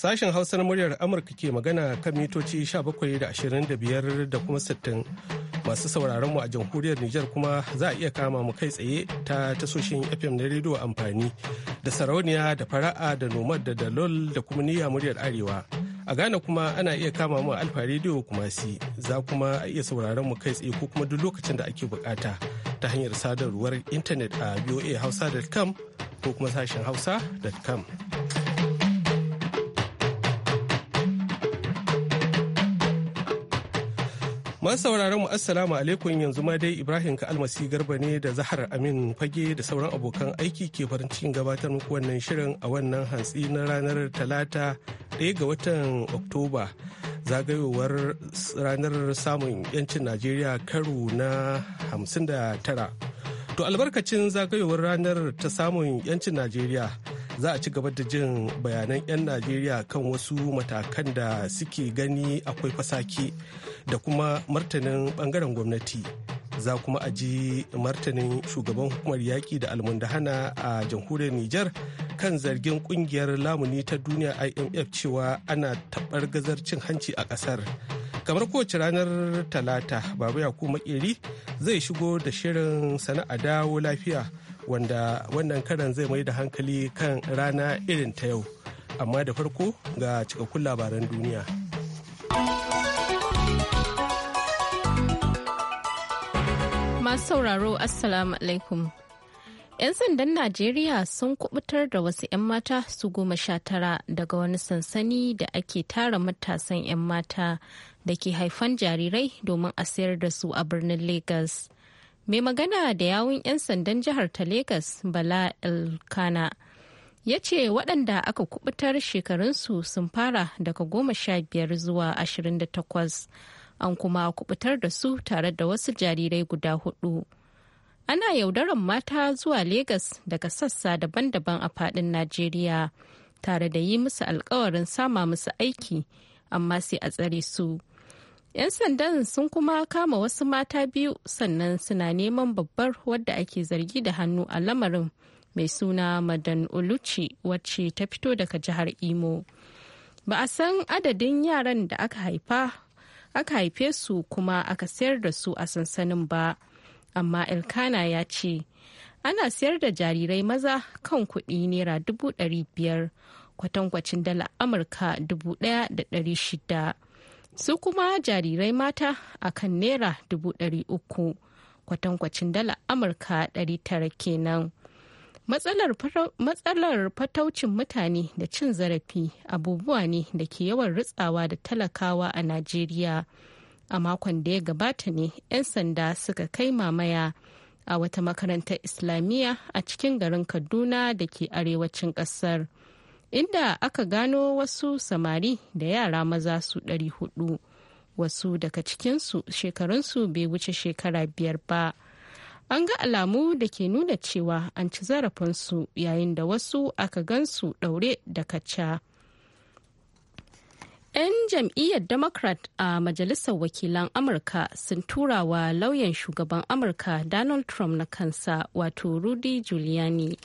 Sashen Hausa na muryar Amurka ke magana kan mitoci bakwai da ashirin da kuma 60 masu sauraron mu a jamhuriyar Nijar kuma za a iya kama mu kai tsaye ta tasoshin FM na rediyo amfani da sarauniya da fara'a da nomad da dalol da kuma niyya muryar Arewa. A Ghana kuma ana iya kama mu alfa rediyo kuma si za kuma a iya sauraron mu kai tsaye ko kuma duk lokacin da ake bukata ta hanyar sadarwar intanet a voahausa.com ko kuma sashen hausa.com. Man sauraron mu assalamu alaikum yanzu ma dai Ibrahim ka almasi garba ne da Zahar Amin fage da sauran abokan aiki ke farin cikin gabatar muku wannan shirin a wannan hantsi na ranar Talata ɗaya ga watan Oktoba. Zagayowar ranar samun 'yancin Najeriya karo na 59. To albarkacin zagayowar ranar ta samun 'yancin Najeriya za a ci gaba da jin bayanan 'yan Najeriya kan wasu matakan da suke gani akwai fasaki. da kuma martanin bangaren gwamnati za kuma a ji martanin shugaban hukumar yaƙi da almundahana a jamhuriyar Nijar kan zargin kungiyar lamuni ta duniya IMF cewa ana taɓar gazar cin hanci a ƙasar. Kamar kowace ranar Talata, Baba Yakubu Makeri zai shigo da shirin sana'a dawo lafiya wanda wannan karan zai mai da hankali kan rana irin ta yau. Amma da farko ga cikakkun labaran duniya. Masu sauraro Assalamu alaikum. 'Yan sandan Najeriya sun kubutar da wasu 'yan mata su goma sha tara daga wani sansani da ake tara matasan 'yan mata da ke haifan jarirai domin a sayar da su a birnin lagos Mai magana da yawun 'yan sandan jihar ta lagos Bala Elkana ya ce waɗanda aka kubutar shekarunsu sun fara daga goma sha biyar zuwa ashirin da takwas. an kuma kubutar da su tare da wasu jarirai guda hudu. Ana yaudarar mata zuwa Legas daga sassa daban-daban a faɗin Najeriya tare da yi musu alkawarin sama musu aiki amma sai a tsare su. 'Yan sandan sun kuma kama wasu mata biyu sannan suna neman babbar wadda ake zargi da hannu a lamarin mai suna Madan Oluchi wacce ta fito daga jihar Imo. Ba a san adadin yaran da aka haifa aka haife su kuma aka sayar da su a sansanin ba amma elkana ya ce ana sayar da jarirai maza kan kuɗi naira dubu ɗari biyar kwatankwacin dala amurka dubu ɗaya da ɗari shida su kuma jarirai mata a kan naira dubu ɗari uku kwatankwacin dala amurka ɗari tara kenan matsalar fataucin mutane da cin zarafi abubuwa ne da ke yawan ritsawa da talakawa a najeriya a makon da ya gabata ne 'yan sanda suka kai mamaya a wata makarantar islamiyya a cikin garin kaduna da ke arewacin kasar inda aka gano wasu samari da yara maza su 400 wasu daga cikinsu shekarunsu bai wuce shekara biyar ba. an ga alamu da ke nuna cewa an ci zarafinsu yayin da wasu aka gansu daure da kaca. 'Yan jam'iyyar Democrat a Majalisar Wakilan Amurka sun tura wa lauyan shugaban Amurka Donald Trump na kansa wato Rudy Giuliani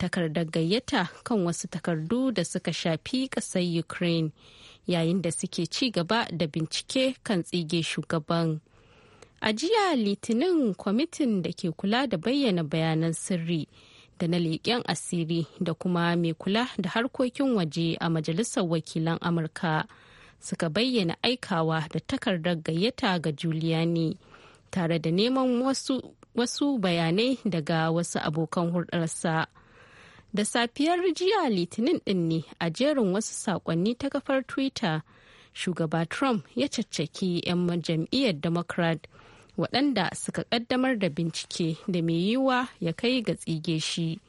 takardar gayyata kan wasu takardu da suka shafi ƙasar Ukraine yayin da suke ci gaba da bincike kan tsige shugaban. A jiya Litinin kwamitin da ke kula da bayyana bayanan sirri da na leƙen asiri da kuma mai kula da harkokin waje a Majalisar Wakilan Amurka suka bayyana aikawa da takardar gayyata ga Giuliani tare da neman wasu, wasu bayanai daga wasu abokan hulɗarsa. Da safiyar jiya Litinin ɗin ne a jerin wasu saƙonni ta kafar Twitter, shugaba Trump ya caccaki 'yan jam'iyyar Democrat. waɗanda suka ƙaddamar da bincike da mai yiwuwa ya kai ga tsige shi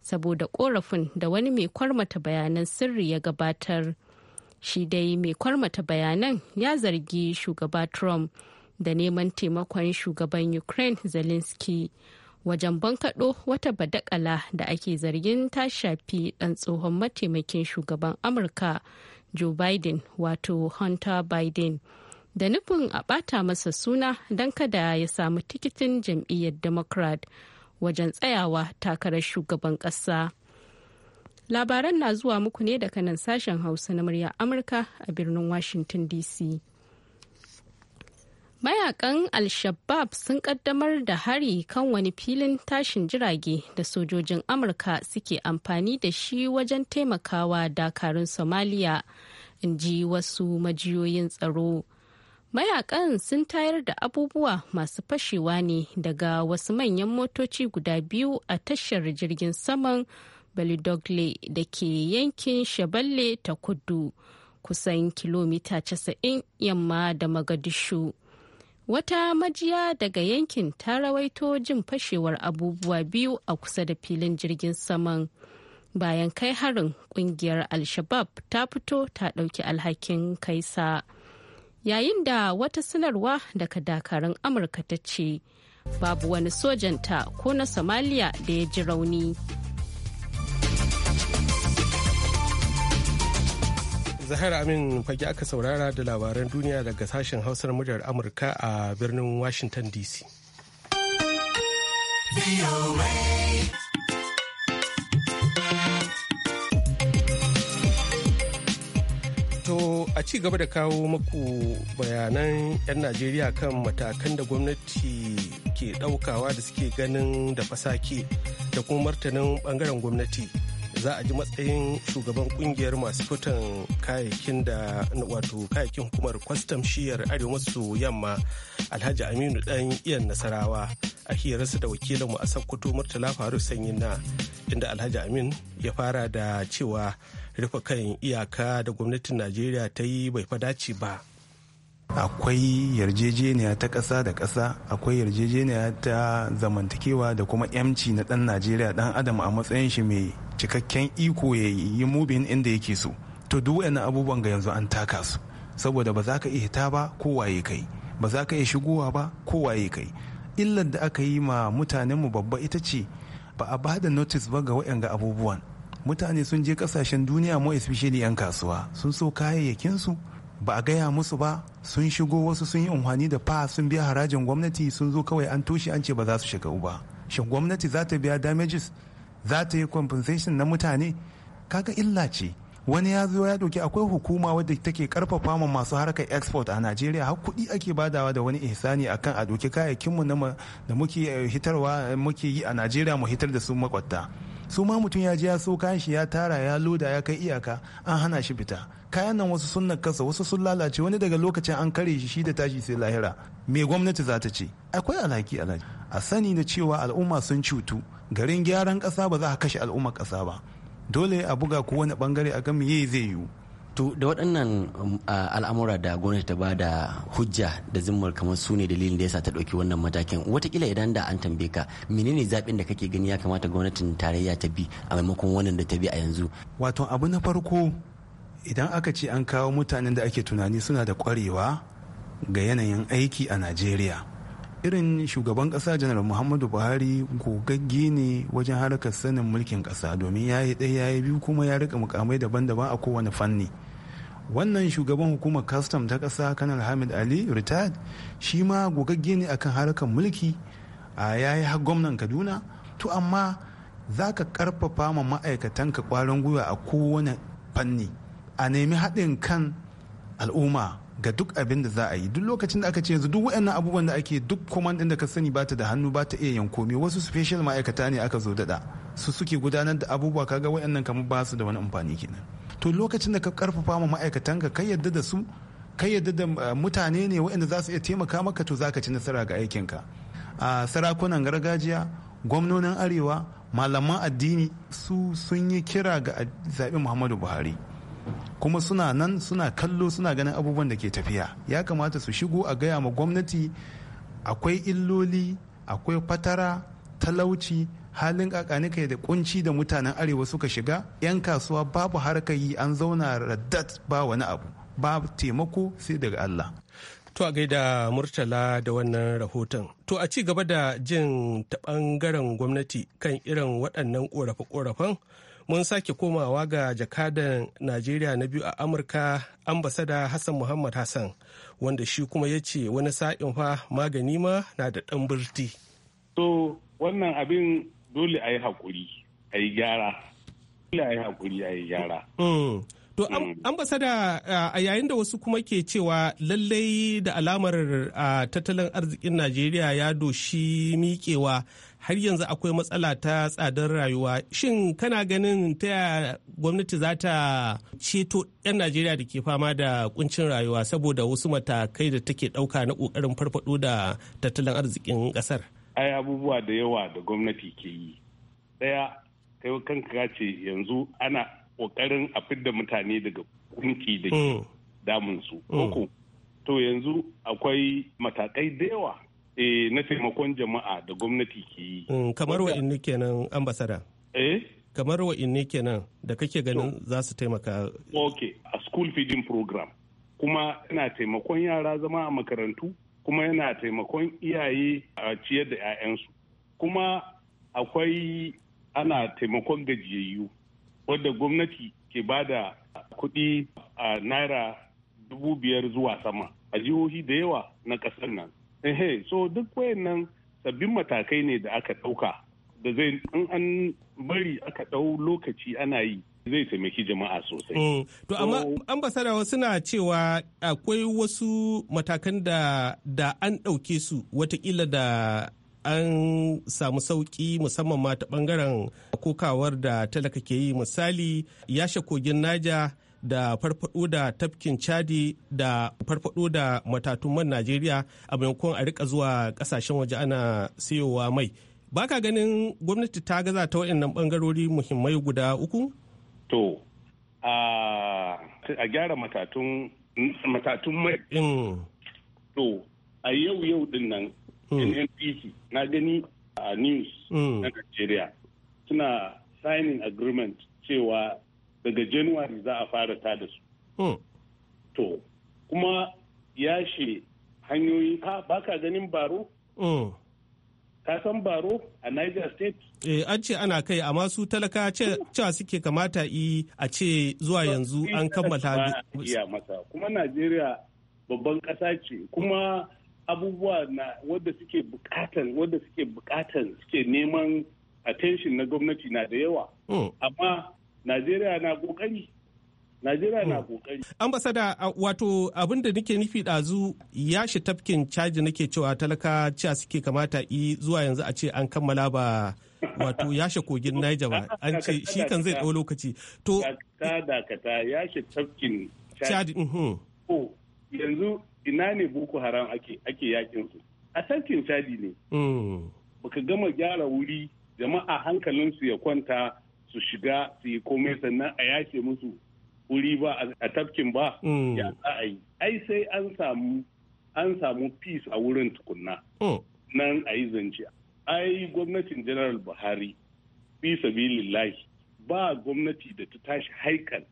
saboda ƙorafin da wani mai kwarmata bayanan sirri ya gabatar shi dai mai kwarmata bayanan ya zargi shugaba trump da neman taimakon shugaban ukraine zelensky wajen bankaɗo wata badakala da ake zargin ta shafi ɗan tsohon mataimakin shugaban amurka joe biden wato hunter biden da nufin a ɓata masa suna don kada ya samu tikitin jam'iyyar democrat wajen tsayawa takarar shugaban ƙasa. labaran na zuwa muku ne daga nan sashen hausa na murya amurka a birnin washington dc mayakan al-shabab sun kaddamar da hari kan wani filin tashin jirage da sojojin amurka suke amfani da shi wajen taimakawa dakarun somaliya in ji wasu majiyoyin tsaro mayakan sun tayar da abubuwa masu fashewa ne daga wasu manyan motoci guda biyu a tashar jirgin saman balidogle da ke yankin shaballe ta kudu kusan kilomita 90 yamma da magadishu wata majiya daga yankin ta rawaito jin fashewar abubuwa biyu a kusa da filin jirgin saman bayan kai harin kungiyar al-shabab ta fito ta dauki alhakin kaisa. yayin da wata sanarwa daga dakarun amurka ta ce babu wani sojanta ko na somalia da ya ji rauni zahara amin fage aka saurara da labaran duniya daga sashen hausar muryar amurka a birnin washington dc To a ci gaba da kawo muku bayanan 'yan Najeriya kan matakan da gwamnati ke ɗaukawa da suke ganin da fasake da kuma martanin ɓangaren gwamnati. Za a ji matsayin shugaban kungiyar masu fitan kayayyakin da wato kayayyakin hukumar kwastam shiyar arewa maso yamma alhaji aminu dan iyan nasarawa a hirarsa da wakilinmu a sakkwato murtala faru sanyin na inda alhaji amin ya fara da cewa rufe kan iyaka da gwamnatin najeriya ta yi bai dace ba akwai yarjejeniya ta ƙasa da kasa akwai yarjejeniya ta zamantakewa da kuma yamci na ɗan najeriya ɗan adam a matsayin shi mai cikakken iko ya yi mubin inda yake so to duk wani abubuwan ga yanzu an taka su saboda ba za ka iya ta ba kowa ya kai ba za ka iya shigowa ba kowaye kai illar da aka yi ma mutanenmu babba ita ce ba a ba da notice ba ga waɗanga abubuwan mutane sun je kasashen duniya mu especially 'yan kasuwa sun so kayayyakin su ba a gaya musu ba sun shigo wasu sun yi amfani da fa sun biya harajin gwamnati sun zo kawai an toshe an ce ba za su shiga ba shin gwamnati za ta biya damages za ta yi compensation na mutane kaga illa ce wani ya zo ya doki akwai hukuma wadda take karfafa ma masu harkar export a najeriya har kuɗi ake badawa da wani ihsani akan a doki kayayyakinmu da muke eh, hitarwa eh, muke yi a najeriya mu hitar da su makwatta su ma mutum ya je ya so kayan shi ya tara ya loda ya kai iyaka an hana shi fita kayan nan wasu sun nakasa wasu sun lalace wani daga lokacin an kare shi shi da tashi sai lahira me gwamnati za ta ce akwai alhaki alhaki a sani da cewa al'umma sun cutu garin gyaran ƙasa ba za a kashe al'ummar ƙasa ba dole a buga ko wani bangare a ga yi zai yiwu to da waɗannan um, al'amura da gwamnati ta ba da hujja da zimmar kamar su ne dalilin da yasa ta ɗauki wannan matakin watakila idan da an tambaye ka menene zaɓin da kake gani ya kamata gwamnatin tarayya ta bi a maimakon wannan da ta bi a yanzu wato abu na farko idan aka ce an kawo mutanen da ake tunani suna da ƙwarewa ga yanayin aiki a najeriya irin shugaban kasa janar muhammadu buhari gogagge ne wajen harkar sanin mulkin kasa domin ya yi ɗaya ya yi biyu kuma ya rika mukamai daban-daban a kowane fanni wannan shugaban hukumar kastam ta kasa kanar hamid ali retired shi ma gogagge ne akan harkar mulki a yayi har gwamnan kaduna to amma za ka karfafa ma ma'aikatan ka kwarin gwiwa a kowane fanni a nemi haɗin kan al'umma ga duk abin da za a yi duk lokacin da aka ce yanzu duk waɗannan abubuwan da ake duk command din da ka sani bata da hannu bata iya yankomi wasu special ma'aikata ne aka zo daɗa su suke gudanar da abubuwa kaga waɗannan kamar ba su da wani amfani kenan to lokacin da ka karfafa ma ma'aikatan ka yadda da su kai yadda da eh, mutane ne waɗanda za su iya taimaka maka to zaka ci nasara ga aikin ka a sarakunan gargajiya gwamnonin arewa malaman addini su sun yi kira ga zaɓi muhammadu buhari kuma suna nan suna kallo suna ganin abubuwan da ke tafiya ya kamata su shigo a gaya ma gwamnati akwai illoli akwai fatara talauci halin kakanika da kunci da mutanen arewa suka shiga 'yan kasuwa babu harkar yi an zauna raddat ba wani abu ba taimako sai daga allah To a gaida Murtala da wannan rahoton. To a ci gaba da jin ta ɓangaren gwamnati kan irin waɗannan ƙorafe-ƙorafen mun sake komawa ga jakadan najeriya na biyu a amurka ambasada hassan muhammad hassan wanda shi kuma ya ce wani sa'in fa magani ma na da dan birti so wannan abin dole a yi haƙuri a yi gyara dole a yi haƙuri a yi gyara mm. To mm. ambasada a yayin da wasu kuma ke cewa lallai da alamar tattalin arzikin Najeriya ya doshi miƙewa har yanzu akwai matsala ta tsadar rayuwa shin kana ganin ta gwamnati za ta ceto 'yan najeriya da ke fama da kuncin rayuwa saboda wasu matakai da take dauka na kokarin farfado da tattalin arzikin kasar. ai abubuwa da yawa da gwamnati ke yi ɗaya kai kanka ce yanzu ana ƙoƙarin a fidda mutane daga kunki da ke mm. damunsu mm. to yanzu akwai matakai da yawa eh na taimakon jama'a da gwamnati ke yi mm, kamar inni kenan ambasada eh kamar inni kenan da kake ganin za su taimaka ok a school feeding program kuma yana taimakon yara zama a makarantu kuma yana taimakon iyaye a ciyar da 'ya'yansu kuma akwai ana taimakon gajiyayyu wadda gwamnati ke ba da kuɗi a naira dubu biyar zuwa sama a jihohi da yawa na ƙasar nan ehe so duk wayannan sabbin matakai ne da aka ɗauka da zai in an bari aka ɗau lokaci ana yi zai taimaki jama'a sosai. Mm, to amma ambasadawa suna cewa akwai wasu matakan da da an ɗauke su watakila da an samu sauƙi musamman ma ta ɓangaren kokawar da talaka ke yi misali yashe kogin naja da farfado da tafkin chadi da farfado da matatun man najeriya a maimakon a rika zuwa kasashen waje ana siyowa mai baka ganin gwamnati ta gaza ta waɗannan bangarori muhimmai guda uku to a gyara matatun mai mm. to a yau yau din nan mm. nnpc na gani a news mm. na nigeria suna signing agreement cewa daga januwari za a fara ta da su hmm. to kuma yashe hanyoyi ka baka ganin baro hmm. ka san baro a niger state eh an ce ana kai amma su talaka cewa suke kamata yi a ce zuwa yanzu an kammala kuma najeriya babban ƙasa ce kuma abubuwa na wadda suke bukatan wadda suke bukatan suke neman attention na gwamnati na da yawa hmm. amma najeriya na kokari Najeriya na hmm. kokari. Ambasada uh, wato abin da nake nufi ɗazu ya shi tafkin caji nake cewa talaka cewa suke kamata i zuwa yanzu a ce an kammala ba wato yashe kogin Niger ba an ce shi kan zai ɗau lokaci. To ta dakata yashe tafkin caji. Ko mhm. yanzu ina ne Boko Haram ake ake yakin su. A tafkin caji ne. Hmm. Baka gama gyara wuri jama'a hankalinsu ya kwanta su shiga su yi komai sannan a yace musu wuri ba a tafkin ba mm. ya za a yi ai sai an samu an samu peace a wurin tukunna mm. nan a yi zance ai gwamnatin general buhari fi sabilillahi ba gwamnati da ta tashi haikal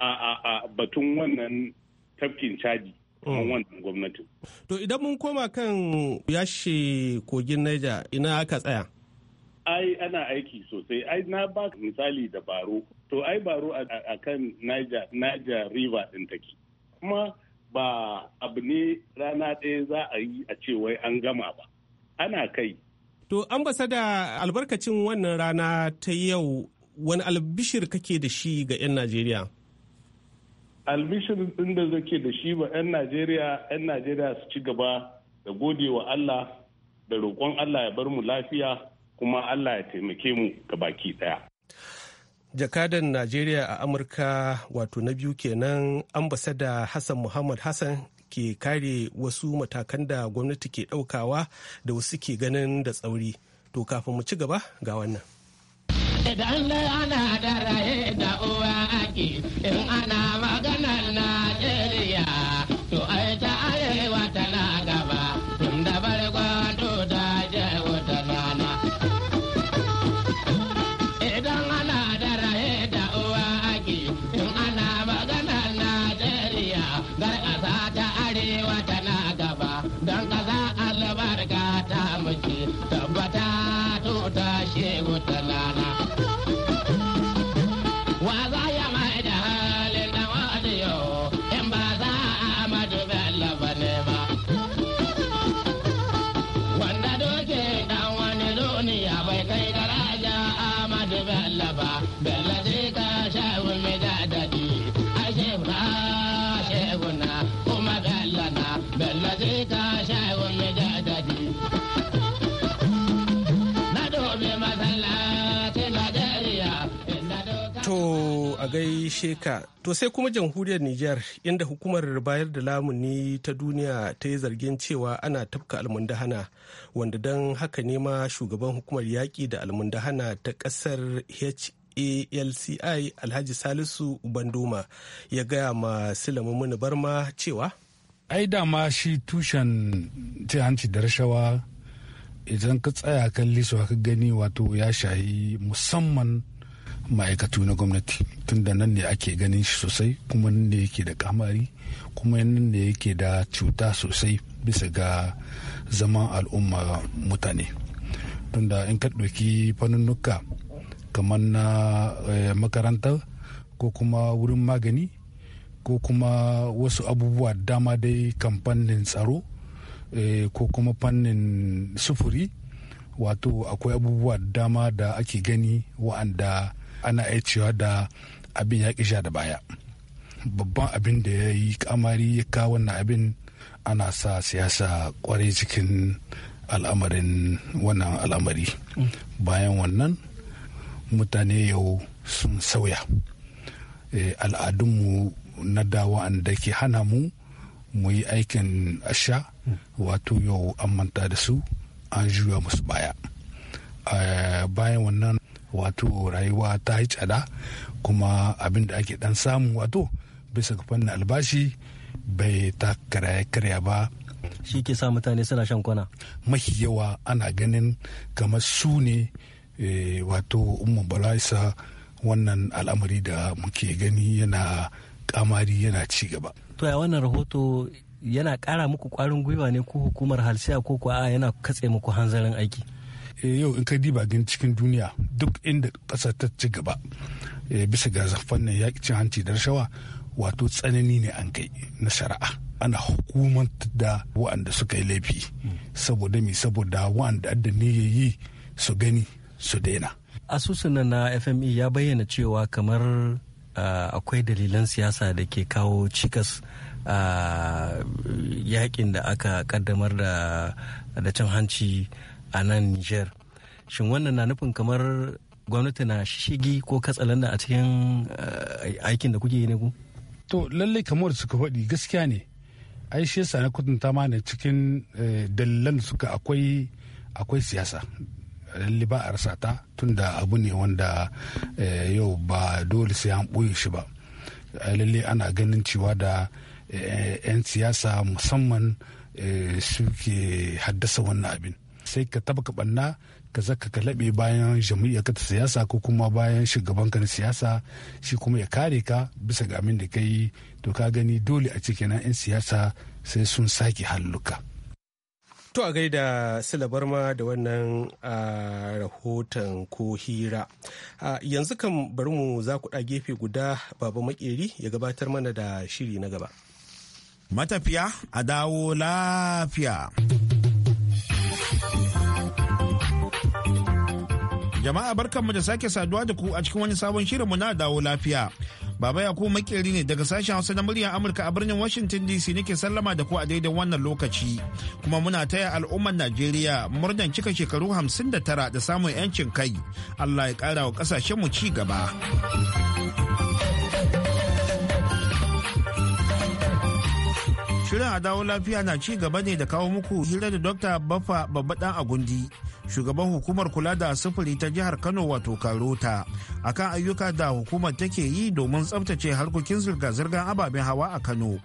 a batun wannan tafkin caji mm. wannan gwamnatin to idan mun koma kan yashe kogin naija ina aka tsaya ai ana aiki sosai ai na ba misali da baro to ai baro a kan niger river din take kuma ba abu ne rana ɗaya za a yi a ce wai an gama ba ana kai to da albarkacin wannan rana ta yau wani albishir kake da shi ga 'yan najeriya albishir ɗin da zake da shi ba 'yan najeriya 'yan najeriya su ci gaba da gode wa allah da roƙon allah ya bar mu lafiya kuma Allah ya taimake mu ga baki ɗaya. Jakadan Najeriya a Amurka wato na biyu kenan ambasada Hassan Muhammad Hassan ke kare wasu matakan da gwamnati ke ɗaukawa da wasu ke ganin da tsauri. To kafin mu ci gaba ga wannan. Idan ana da raye eh, da uwa ake in ana maganar na gaishe ka. To sai kuma jamhuriyar Nijar inda hukumar bayar da lamuni ta duniya ta yi zargin cewa ana tafka almundahana wanda don haka ne ma shugaban hukumar yaƙi da almundahana ta ƙasar HALCI Alhaji Salisu Bandoma ya gaya ma Sulaiman Barma cewa. Ai dama shi tushen ce hanci da rashawa idan ka tsaya kan liso ka gani wato ya shahi musamman ma'aikatu na gwamnati tun da nan ne ake ganin shi sosai kuma nan ne yake da kamari kuma nan ne yake da cuta sosai bisa ga zaman al'umma mutane tun da in ka ɗauki fannunuka kamar na eh, makarantar ko kuma wurin magani ko kuma wasu abubuwa dama dai kan fannin tsaro eh, ko kuma fannin sufuri wato akwai abubuwa dama da ake gani wa'anda ana iya cewa da abin ya kisha da baya babban abin da ya yi kamari ya kawo wannan abin ana sa siyasa kwarai cikin al'amarin wannan al'amari bayan wannan mutane yau sun sauya eh, al'adunmu na dawa da ke hana mu mu yi aikin asha wato yau an manta da su an juya musu baya eh, bayan wannan wato rayuwa ta yi tsada kuma abin da ake dan samu wato bisa ga fannin albashi bai ta karya ba shi ke sa mutane suna shan kwana mafi yawa ana ganin kamar su ne eh, wato umar balaisa wannan al'amari da muke gani yana kamari yana ci gaba to ya wannan rahoto yana kara muku kwarin gwiwa ne ko hukumar halsiya ko kuwa yana katse muku hanzarin aiki Eh, yau in kai diba gani cikin duniya duk inda ƙasa ta ci gaba eh, bisa ga fannin yaƙi cin hanci da rashawa wato tsanani ne an kai na shari'a ana hukumantar da wa'anda suka yi laifi saboda mi saboda wa'anda adda ne ya yi su gani su daina asusun na fme ya bayyana cewa kamar akwai dalilan siyasa da ke kawo cikas a yakin da aka kaddamar da cin hanci a nan niger shin wannan na nufin kamar gwamnati na shigi ko katsa a cikin eh, aikin da kuke yi ne ku to lallai kamar suka faɗi gaskiya ne ai shi yasa na ma ne cikin eh, dalilan suka akwai akwai siyasa lalle ba a rasa ta tunda abu ne wanda eh, yau ba dole sai an ɓoye shi ba lalle ana ganin cewa da 'yan siyasa musamman suke haddasa wannan abin sai ka taba ka banna ka zaka ka laɓe bayan jam'iyyar ka ta siyasa ko kuma bayan shugaban ka na siyasa shi kuma ya kare ka bisa ga amin da ka yi to ka gani dole a cikin 'yan siyasa sai sun sake halluka. To a gaida silabar ma da wannan rahoton ko hira. Yanzu kan bari mu za ku ɗa gefe guda baba makeri ya gabatar mana da shiri na gaba. Matafiya a dawo lafiya. Jama'a barkan mu da sake saduwa da ku a cikin wani sabon shirin mu na dawo lafiya. Baba ya ku makeri ne daga sashen Hausa na muryar Amurka a birnin Washington DC nake sallama da ku a daidai wannan lokaci. Kuma muna taya al'ummar Najeriya murnan cika shekaru hamsin da tara da samun 'yancin kai. Allah ya ƙara wa mu ci gaba. Shirin a dawo lafiya na ci gaba ne da kawo muku hira da Dr. Baffa Babbaɗan Agundi, shugaban hukumar kula da sufuri ta jihar Kano wato Karota, akan ayyuka da hukumar take yi domin tsabtace harkokin zirga-zirgar ababen hawa a Kano.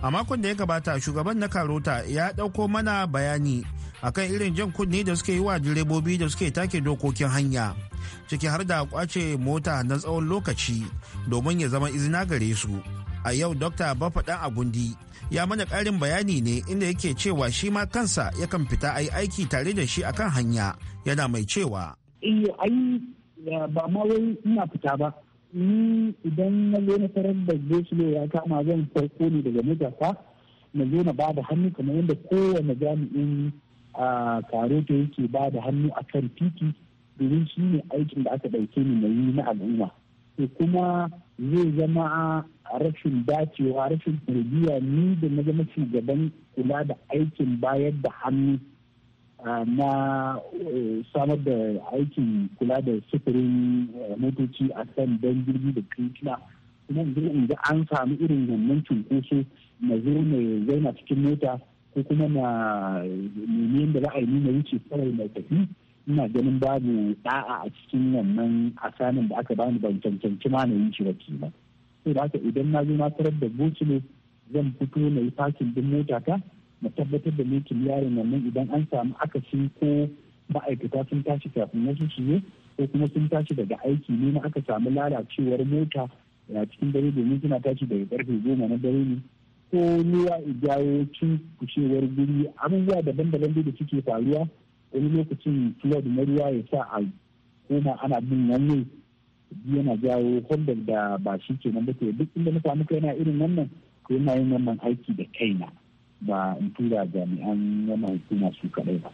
A makon da ya gabata shugaban na Karota ya ɗauko mana bayani akan irin jan kunne da suke yi wa direbobi da suke take dokokin hanya, ciki har da kwace mota na tsawon lokaci domin ya zama izina gare su. a yau dr bafa dan agundi ya mana karin bayani ne inda yake cewa shi ma kansa yakan fita a aiki tare da shi akan hanya yana mai cewa eh, ba ma ina fita ba ni idan na zo na tarar da gosulo ya kama zan farko ne daga matasa na zo na bada hannu kamar yadda kowane jami'in karoto yake ba da hannu a kan titi domin shi ne aikin da aka ɗauke ni na yi na al'umma kuma zai zama rashin dacewa rashin tarbiyya ni da na zama shugaban kula da aikin bayar da hannu na e, samar da aikin kula da sufurin e, motoci a kan don jirgi da kirkina kuma in ga an samu irin wannan cunkoso na zo na zauna cikin mota ko kuma na nemi da za a yi na wuce kawai na tafi ina ganin babu da'a a cikin wannan asanin da aka bani ban cancanci ma na yi shi wacce ba sai da haka idan na zo na tarar da ne zan fito na yi fakin din mota ta na tabbatar da mekin yaron wannan idan an samu akasin ko ma'aikata sun tashi kafin wasu su ne ko kuma sun tashi daga aiki ne na aka samu lalacewar mota a cikin dare domin suna tashi daga karfe goma na dare ne ko ruwa jawo cin kushewar guri abubuwa daban-daban da suke faruwa wani lokacin flood na ruwa ya sa a koma ana bin wannan yana jawo holdar da ba shi ke nan bata duk inda na samu kaina irin wannan ko yana yin wannan aiki da kaina ba in tura jami'an wannan hukuma su kaɗai ba.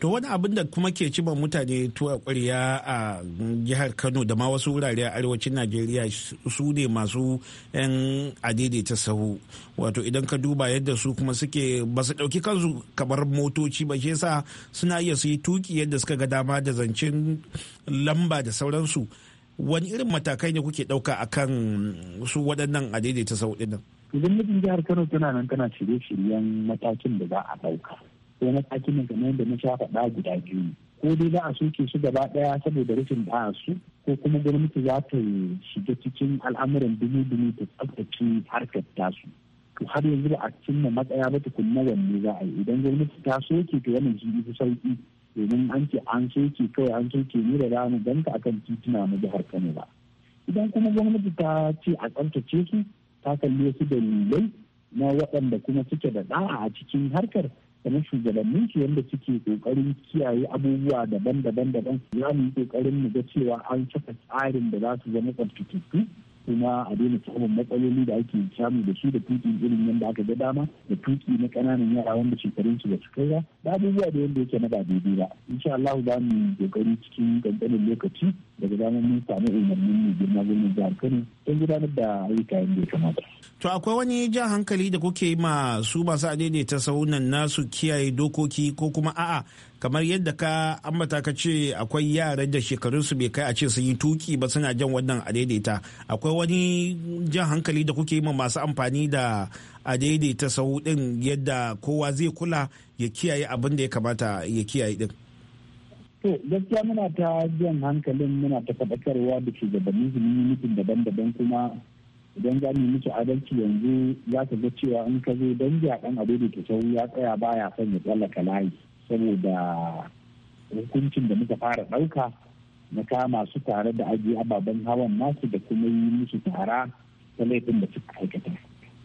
to wani abin da kuma ke ciban mutane tuwa kwarya a jihar kano da ma wasu wurare a arewacin najeriya su ne masu 'yan adaidaita sahu wato idan ka duba yadda su kuma suke ba su ɗauki kansu kamar motoci ba shi sa suna iya su yi tuki yadda suka ga dama da zancen lamba da sauransu wani irin matakai ne kuke ɗauka akan su waɗannan adaidaita sahu ɗin idan mutum jihar kano tana nan tana shirye-shiryen matakin da za a ɗauka ko matakin nan kamar yadda na sha faɗa guda biyu ko dai za a soke su gaba ɗaya saboda rashin da su ko kuma gwamnati za ta shiga cikin al'amuran dubu dubu ta tsaftace harkar tasu to har yanzu ba a na matsaya ba tukunna wanne za a yi idan gwamnati ta soke to wannan shi fi sauki domin an ce an soke kawai an soke ni da ganka a kan akan tituna na jihar Kano ba idan kuma gwamnati ta ce a tsabtace su ta kalli wasu dalilai na waɗanda kuma suke da ɗa'a a cikin harkar na shugabannin ke yadda suke kokarin kiyaye abubuwa daban-daban daban za mu yi kokarin mu ga cewa an saka tsarin da za su zama tsaftatattu kuma a daina samun matsaloli da ake samu da su da tukin irin yadda aka ga dama da tuki na ƙananan yara wanda shekarun su ba su kai ba da abubuwa da yadda yake na ba daidai ba insha Allah za mu dogari cikin kankanin lokaci daga zaman mun samu umarnin mu girma gurbin jihar Kano don gudanar da ayyuka yadda ya kamata. To akwai wani jan hankali da kuke ma su masu adaidaita saunan nasu kiyaye dokoki ko kuma a'a kamar yadda ka ambata ka ce akwai yaran da shekarunsu bai kai a ce sun yi tuki ba suna jan wannan a daidaita akwai wani jan hankali da kuke yi ma masu amfani da a daidaita sau din yadda kowa zai kula ya kiyaye abin da ya kamata ya kiyaye din to gaskiya muna ta jan hankalin muna ta faɗakarwa da shugabannin mutum daban-daban kuma idan za mu musu adalci yanzu za ka ga cewa in ka zo don jaɗan a daidaita sau ya tsaya baya son ya tsallaka layi saboda hukuncin da muka fara ɗauka na kama su tare da ajiye ababen hawan nasu da kuma yi musu tara ta laifin da suka aikata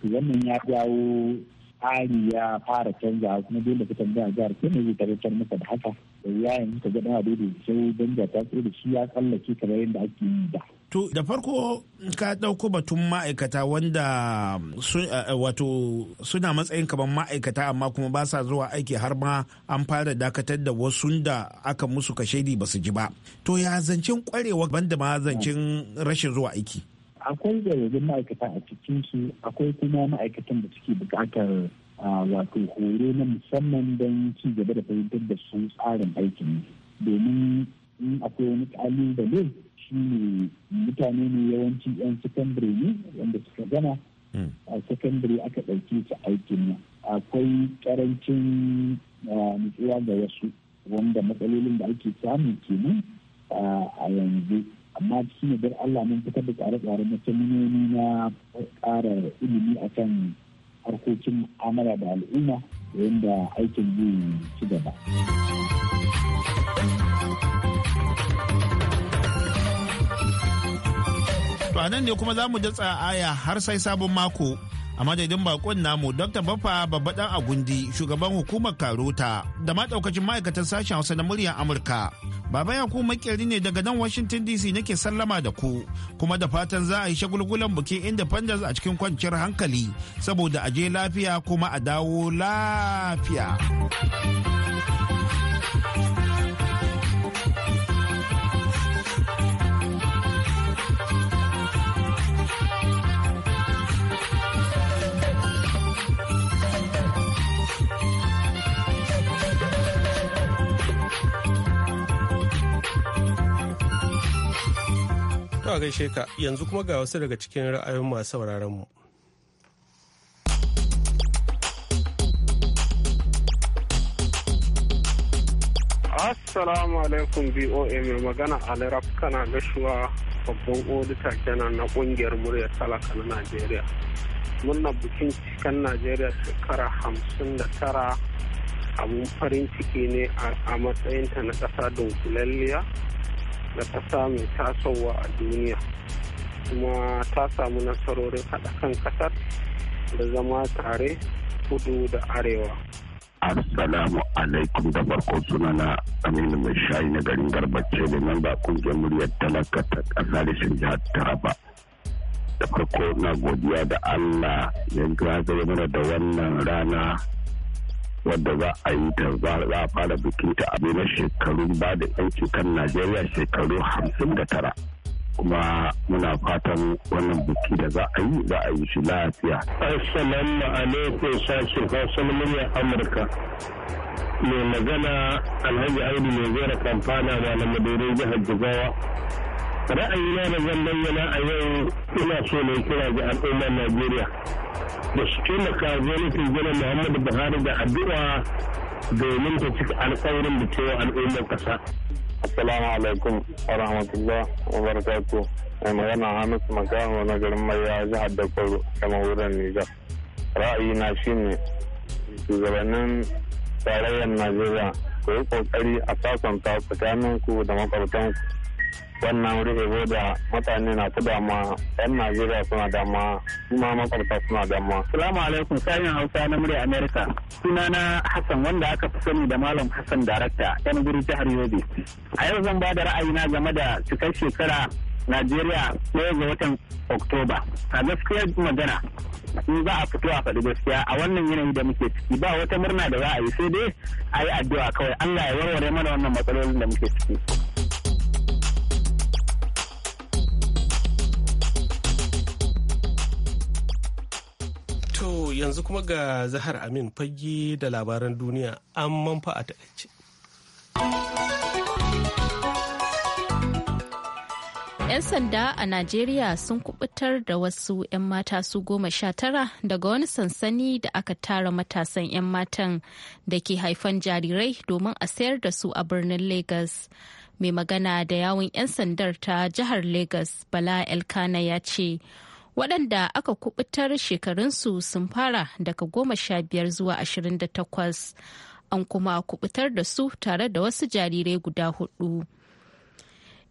wannan ya jawo tsari ya fara canza kuma dole ka da jihar kano zai tabbatar masa da haka da yayin ka ga dan daidai sai danja ta shi ya tsallake kamar yadda ake yi da To da farko ka ɗauko batun ma'aikata wanda eh, eh, wato suna matsayin kamar ma'aikata amma kuma ba sa zuwa aiki har ma an fara dakatar da wasu da aka musu kashedi ba su ji ba. To ya zancen kwarewa banda ma zancen rashin zuwa aiki. Akwai zargin ma'aikata a cikinsu akwai kuma ma'aikatan da suke buƙatar wato horo na musamman don ci gaba da fahimtar da su tsarin aikin domin in akwai wani ƙalubale ne mutane ne yawanci 'yan sakandare ne wanda suka gana hmm. a sakandare aka ɗauke su aikin nan akwai karancin nutsuwa ga wasu wanda matsalolin da ake samu kenan a yanzu amma cikin ne don Allah mun fitar da tsare-tsare na tsaminoni na ƙara ilimi a kan harkokin amara da al'umma yadda aikin zai ci gaba. To a nan ne kuma za mu jatsa aya har sai sabon mako. A madadin bakon namu Dr. Baffa Babbaɗan Agundi shugaban hukumar Karota da ma ɗaukacin ma'aikatan sashen Hausa na muryar Amurka. Baba Yaku makeri ne daga nan Washington DC nake sallama da ku kuma da fatan za a yi shagulgulan bikin Independence a cikin kwanciyar hankali saboda a je lafiya kuma a dawo lafiya. a gaishe ka yanzu kuma ga wasu daga cikin ra'ayoyin masu sauraron mu. Assalamu alaikum voa mai magana Alirab kana gashuwa babban odita kenan na kungiyar muryar talaka na Najeriya. Muna bikin cikin Najeriya shekara hamsin da tara abun farin ciki ne a matsayinta na ƙasa dunkulalliya da ƙasa mai tasowa a duniya kuma ta samu nasarorin haɗa kan ƙasar da zama tare kudu da arewa Assalamu alaikum da farko suna na Aminu mai shayi na garin garbace da nan ba kungiyar muryar talaka ta ƙasa jihar Taraba. Da farko na godiya da Allah ya zai mana da wannan rana wadda za a yi ta za a fara bikin ta abu na shekarun ba da yanki kan najeriya shekaru hamsin da tara kuma muna fatan wannan biki da za a yi za a yi shi lafiya. assalamu alaikum sashi hausa murya amurka mai magana alhaji audu mai zera kamfana ba na madurai jihar jigawa na da zan bayyana a yau ina so na kira ga al'ummar najeriya da su taimaka gwamnatin janar muhammadu buhari da addu'a domin ta cika alkawarin da cewa al'ummar kasa. Assalamu alaikum wa rahmatullah wa barakatu. Mai magana Hamisu Makano na garin Maiya jihar kwaro kama wurin Nijar. Ra'ayina shi ne shugabannin tarayyar Najeriya ku yi kokari a sasanta tsakaninku da makwabtanku wannan rufe da mutane na su dama yan najeriya suna dama kuma makwabta suna dama salamu alaikum sayin hausa na murya america sunana hassan wanda aka fi sani da malam hassan darakta yan guri jihar yobe a yau zan ba da ra'ayina game da cikar shekara najeriya ɗaya ga watan oktoba a gaskiyar magana in za a fito a faɗi gaskiya a wannan yanayi da muke ciki ba wata murna da za a yi sai dai a yi addu'a kawai allah ya warware mana wannan matsalolin da muke ciki yanzu kuma ga Zahar Amin fage da labaran duniya an manfa a taƙaice. ‘Yan sanda a Najeriya sun kubutar da wasu ‘yan mata su goma sha tara daga wani sansani da aka tara matasan ‘yan matan da ke haifan jarirai domin a sayar da su a birnin lagos Mai magana da yawon ‘yan sandar ta jihar lagos Bala Elkana ya ce, waɗanda aka kubutar shekarunsu sun fara daga goma sha biyar zuwa ashirin da takwas an kuma kubutar da su tare da wasu jarirai guda hudu.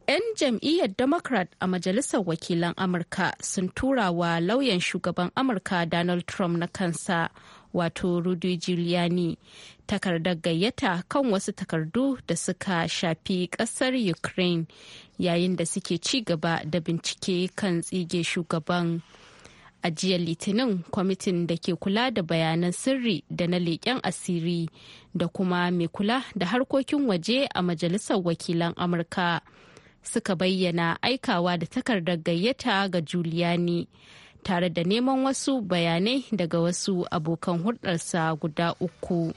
'yan jam'iyyar democrat a majalisar wakilan amurka sun tura wa lauyan shugaban amurka donald trump na kansa wato Rudy Giuliani takardar gayyata kan wasu takardu da suka shafi kasar Ukraine yayin da suke ci gaba da bincike kan tsige shugaban. A Litinin kwamitin da ke kula da bayanan sirri da na leƙen asiri da kuma mai kula da harkokin waje a Majalisar Wakilan Amurka suka bayyana aikawa da takardar gayyata ga Giuliani. tare da neman wasu bayanai daga wasu abokan hulɗarsa guda uku.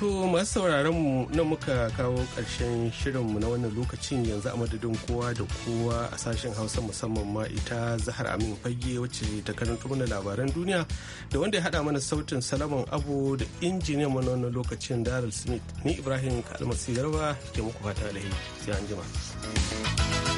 To masu sauraron mu na muka kawo ƙarshen mu na wannan lokacin yanzu a madadin kowa da kowa a sashen Hausa musamman ma ita Zahar Amin Fage wacce ta karanto mana labaran duniya da wanda ya haɗa mana sautin Salaman Abu da injiniya mu na wannan lokacin daral Smith ni Ibrahim Kalmasi Garba ke muku fata alheri sai an jima.